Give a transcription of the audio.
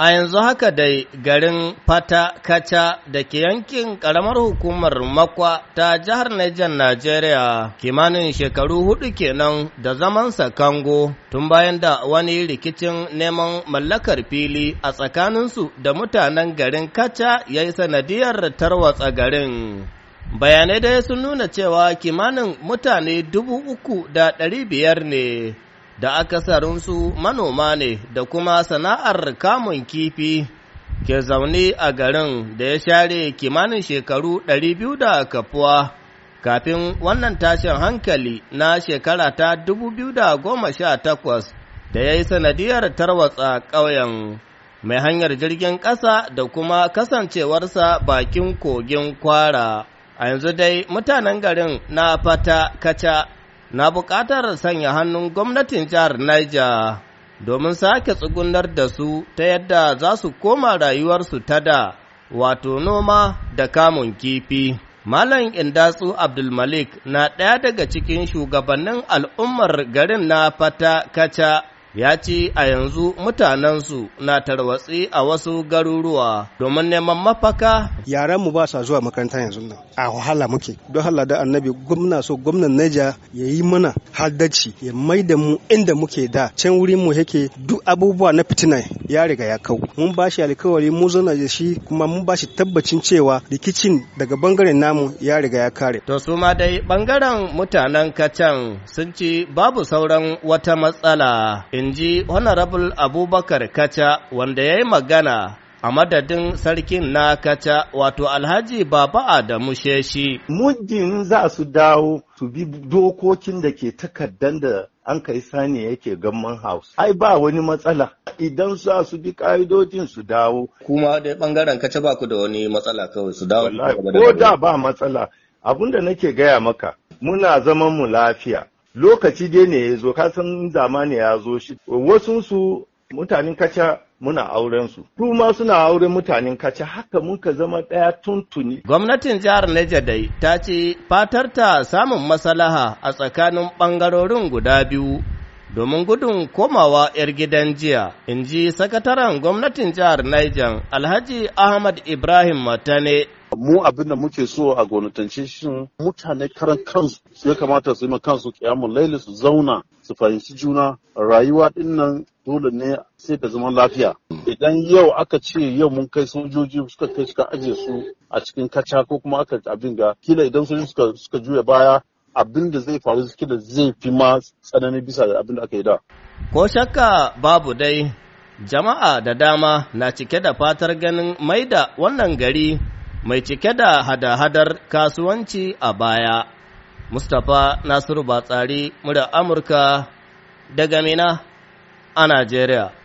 A yanzu haka dai garin Fata kaca da ke yankin ƙaramar hukumar Makwa ta jihar Nijar Najeriya kimanin shekaru hudu kenan da zamansa kango tun bayan da wani rikicin neman mallakar fili a tsakaninsu da mutanen garin kaca ya yi sanadiyar tarwatsa garin. Bayanai dai sun nuna cewa kimanin mutane dubu uku da ɗari biyar ne da akasarinsu manoma ne da kuma sana'ar kamun kifi ke zaune a garin da ya share kimanin shekaru 200 da kafuwa kafin wannan tashin hankali na shekara ta 2018 da ya yi sanadiyar tarwatsa ƙauyen mai hanyar jirgin ƙasa da kuma kasancewarsa bakin kogin kwara a yanzu dai mutanen garin na fata kaca na buƙatar sanya hannun gwamnatin jihar Niger domin sake tsugunar da su ta yadda za su koma rayuwarsu ta da wato noma da kamun kifi. Malam Indatsu Abdulmalik na ɗaya daga cikin shugabannin al'ummar garin na fata kaca ya ce a yanzu mutanensu na tarwatsi a wasu garuruwa domin neman mafaka. Yaran mu ba sa zuwa makaranta yanzu nan a wahala muke don hala da annabi gwamna so gwamnan Neja ya yi mana haddaci ya maida da mu inda muke da can wurin mu yake duk abubuwa na fitina ya riga ya kau mun ba shi alkawari mu zauna da shi kuma mun ba shi tabbacin cewa rikicin daga bangaren namu ya riga ya kare to su ma dai bangaren mutanen kacan sun ci babu sauran wata matsala in ji honorable abubakar kaca wanda ya yi magana a madadin sarkin na kaca wato alhaji baba adamu sheshi. Muddin za su dawo su bi dokokin da ke takardan da an kai sani yake gamman house ai ba wani matsala idan su su bi ka'idojin su dawo kuma dai bangaren kaca ba ku da wani matsala kawai su dawo ko da ba matsala abun da nake gaya maka muna zaman mu lafiya lokaci dai ne ya zo ka san zamani ya zo shi wasu mutanen kaca muna auren su su ma suna auren mutanen kace haka muka zama ɗaya tuntuni gwamnatin jihar Niger dai ta ce fatarta samun maslaha a tsakanin ɓangarorin guda biyu domin gudun komawa 'yar gidan jiya in ji sakataren gwamnatin jihar Niger Alhaji Ahmad Ibrahim Matane mu abinda muke so a gwamnatance shi mutane karan kansu ya kamata su yi kansu kiyamun laili su zauna su fahimci juna rayuwa dinnan dole ne sai da zaman lafiya idan yau aka ce yau mun kai sojoji suka kai suka aje su a cikin kaca ko kuma aka abin ga kila idan sojoji suka juya baya abin da zai faru kila zai fi ma tsanani bisa da abin da aka yi da ko shakka babu dai jama'a da dama na cike da fatar ganin mai da wannan gari mai cike da hada-hadar kasuwanci a baya. Mustapha Nasiru Batsari, murar Amurka daga Mina. a